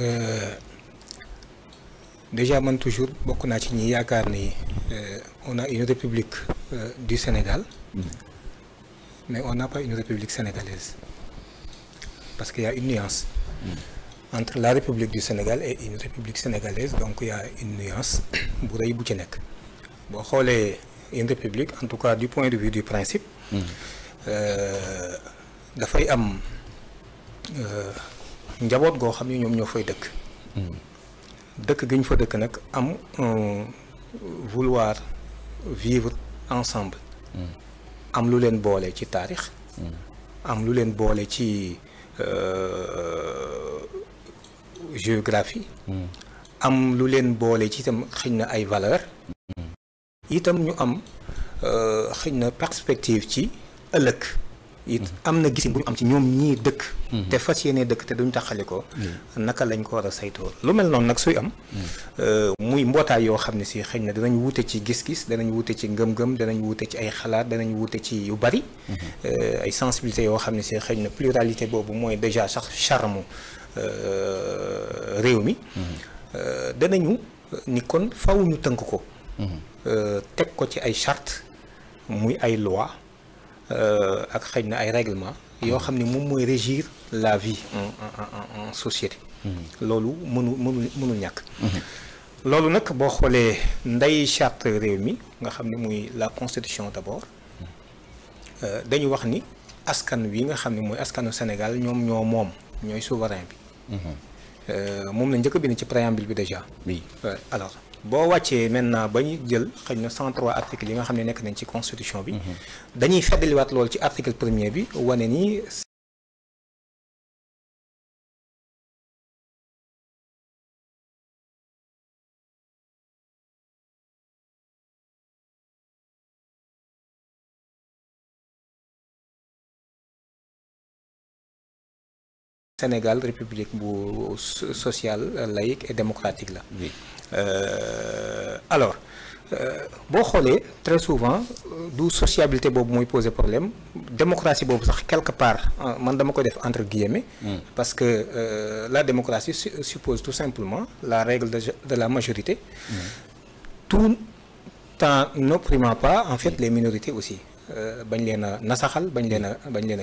Euh, déjà même toujours beaucoup n'a ci ñi car ni euh, on a une république euh, du Sénégal mm. mais on n'a pas une république sénégalaise parce qu'il y a une nuance mm. entre la république du Sénégal et une république sénégalaise donc il y a une nuance bu reuy bu ci nek une république en tout cas du point de vue du principe la mm. Euh, njaboot goo xam ne ñoom ñoo fay dëkk. Hmm. dëkk gi ñu fa dëkk nag am vouloir vivre ensemble. Hmm. am lu leen boole ci taarix. Hmm. am lu leen boole ci euh, géographie. am lu leen boole ci itam xëñ na ay valeur itam ñu am euh, xëñ na perspective ci ëllëg. it am na gisin bu ñu am ci ñoom ñii dëkk te fas yéene dëkk te duñ taxale ko naka lañ ko war a lu mel noonu nag suy am muy mbootaay yoo xam ne si xëy wute ci gis-gis danañ wute ci ngëm-ngëm danañ wute ci ay xalaat danañ wute ci yu bari ay sensibilité yoo xam ne si pluralité boobu mooy déjà sax charme réew mi danañu ni kon faw ñu tënk ko teg ko ci ay charte muy ay loi Euh, ak les na ay règlement régir la vie en société. c'est mm-hmm. mm-hmm. ce la constitution d'abord mm-hmm. euh, dañu wax ni Sénégal nous ñoo souverain bi. Euh, préambule déjà. alors. boo wàccee maintenant ba jël xëy 103 articles yi nga xam ne nañ ci constitution bi dañuy feddaliwaat loolu ci article 1 bi wane ni Sénégal république sociale laïque et démocratique là. Oui. Euh, alors euh, très souvent la euh, sociabilité pose problème. poser problème démocratie quelque part hein, man dama entre guillemets. Hmm. parce que la démocratie suppose tout simplement la règle de, la majorité. Hmm. tout en n'opprimant pas en fait les minorités aussi Euh, a na,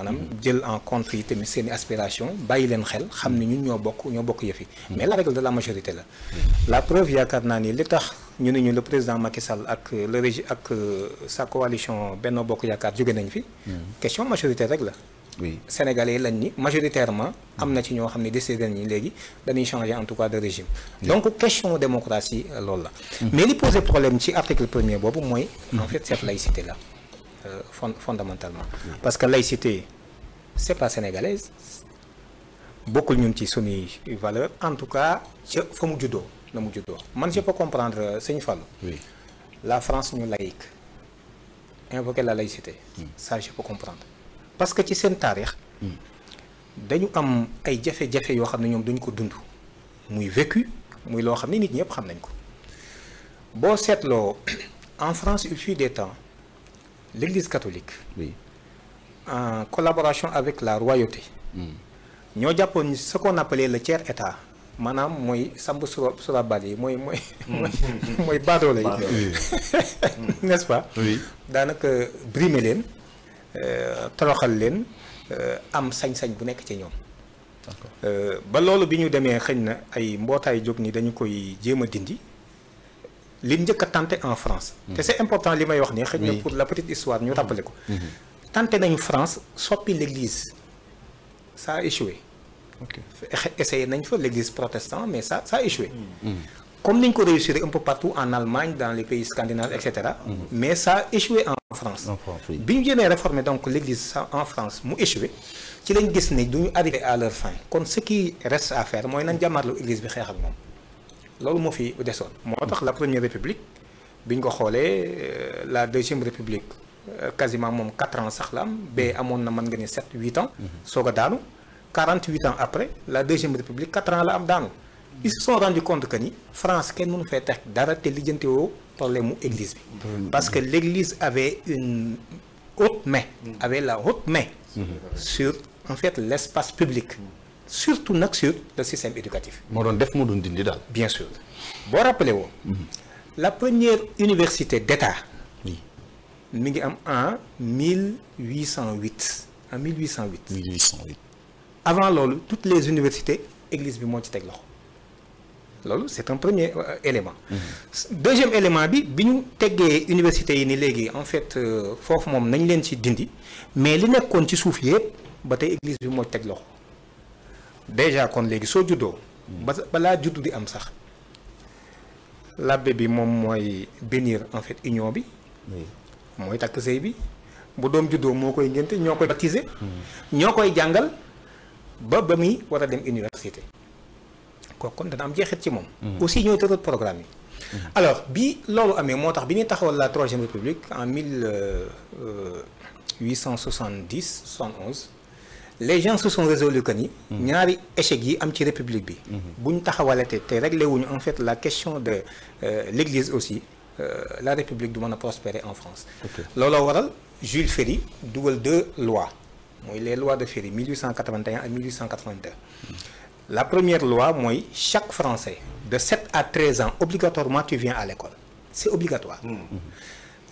maanaam jël en compte yi tamit seen aspiration bàyyi leen xel xamni ñun ño bokk ño bokk mm. mais la règle de la majorité la mm. la preuve yaakaar naa ni li tax ñu ne ñu le président Macky Sall ak le régi ak euh, sa coalition Benno Bokk Yaakaar jóge nañ fi mm. question majorité rek la oui Sénégalais lañ ni majoritairement am na ci ñoo xam ne décidé ñi léegi dañuy changer en tout cas de régime donc question démocratie euh, loolu la mais li poser problème ci article premier boobu mooy en fait cette laïcité la euh, fondamentalement parce que laïcité c'est pas sénégalaise Beaucoup gens qui sont des valeur en tout cas c'est le mu na je peux comprendre c'est euh, une oui. la France nous laïque invoquer la laïcité mm. ça je peux comprendre parce que ci seen taarix mm. dañu am ay jafe-jafe yoo xam ne ñoom dañu ko dund muy vécu muy loo xam ne nit ñëpp xam nañ ko en France il fut des temps l'Église catholique, oui. en collaboration avec la royauté, hmm. ñoo jàppoon ce qu'on appelait le tiers état manam moy sambu sura sura bale moy moy mooy hmm. baadoole n'est-ce pas daanaka brimer leen euh, toroxal leen euh, am sañ-sañ bu nekk ci ñoom euh, ba loolu bi ñu ay mbootaay jóg ni dañu koy jéem dindi li a tenté en France. Mm-hmm. c'est important li may pour la petite histoire ñu mm-hmm. en France soit l'église ça a échoué. ok essayé nañ l'église protestante mais ça ça a échoué. Mm-hmm. comme nous avons réussi un peu partout en Allemagne dans les pays scandinaves etc. mais ça a échoué en France. Si ñu jëmee réformer l'église en France mu échoué ci lañ ne du à leur fin ce qui reste à faire mooy nañ jàmmarlu église bi xeex ak faire fi la première république biñ euh, la deuxième république euh, quasiment 4 ans sax la am mon na mën ans mhm. soog daanu ans après la deuxième république 4 ans la am daanu ils se sont rendu compte que ni France kenn mënu fay teg dara te lijjanti woo problème église mmh. parce que l'église avait une haute main mmh. avait la haute main mmh. sur en fait l'espace public surtout nag sur le système éducatif. moo doon def dindi bien sûr boo rappelé mm-hmm. la première université d'État. oui mi en 1808. en 1808. 1808. avant loolu toutes les universités église du moo ci c'est un premier euh, élément. Mm-hmm. deuxième élément bi bi ñu université yi en fait euh, foofu moom nañ ci dindi mais li nekkoon ci suuf yëpp ba église bi moo déjà kon léegi so judo. ba balaa di am sax. labbe bi mom moy bénir en fait union bi. moy y sey bi. bu ba dem université. am ci mm-hmm. aussi programme mm-hmm. alors bi lolu a la troisième république en 1870 71 euh, les gens se sont résolus que nous, échec yi république en fait la question de euh, l'église aussi euh, la république doit prospérer en France Jules Ferry double deux lois les lois de Ferry 1881 et 1882 la première loi chaque Français de 7 à 13 ans obligatoirement tu viens à l'école c'est obligatoire mm.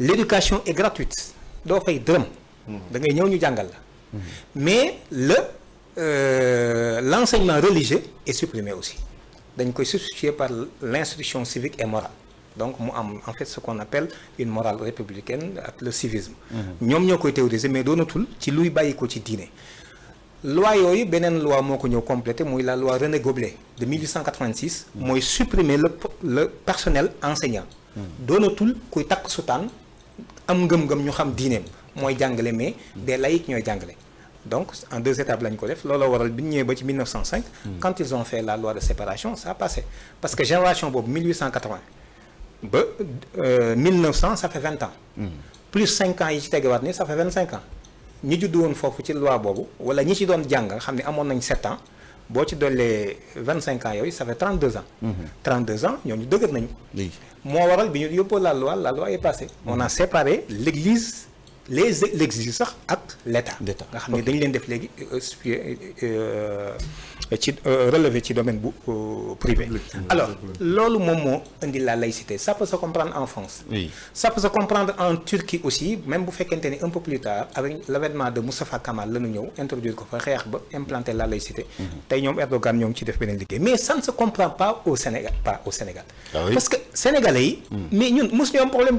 l'éducation est gratuite Donc fay drame. Mm. da ngay Mhm. Mais le euh, l'enseignement religieux est supprimé aussi. il est substitué par l'instruction civique et morale. donc en fait ce qu'on appelle une morale républicaine le civisme. Nous, avons été théoriser mais nous ci luy théorisés ko ci La loi loi complété la loi René Goblet de 1886. a mhm. supprimer le le personnel enseignant. Nous avons été théorisés am ngëm-ngëm moy jàngale mais des laïcs ñoy jàngale donc en deux étapes lañ ko def lolo waral bi 1905 hmm. quand ils ont fait la loi de séparation ça a passé parce que génération bob 1880 ba 1900 euh, ça fait 20 ans hmm. plus 5 ans yi ci ça fait 25 ans ñi judd won la ci loi bobu wala ñi ci doon jang nga xam nañ 7 ans bo ci les 25 ans ça fait 32 ans. 32 hmm. ans ñooñu dëgër nañu. moi waral bi ñu la loi la loi est passée. on a séparé l'église les l'exige sax l'état nga xam ne dañ des def euh, euh, ci euh, relevé ci domaine euh, privé alors loolu moment moment indi la laïcité ça peut se comprendre en France ça peut se comprendre en Turquie aussi même vous faites ni un peu plus tard avec l'avènement de Mustafa Kemal la ñu introduit introduire ko implanter la laïcité mhm. tey ñoom Erdogan ci mais ça ne se comprend pas au Sénégal pas au Sénégal ah parce que sénégalais mhm. mais ñun nous un problème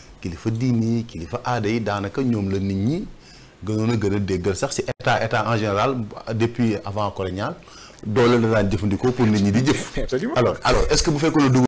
qu'il faut dîner, qu'il faut arrêter, dans le cas où nous avons le nini, nous avons le déguster. C'est Golsa, c'est l'État en général depuis avant la colonie, dans le cas où nous avons le nini de Golsa. Alors, est-ce que vous faites que nous...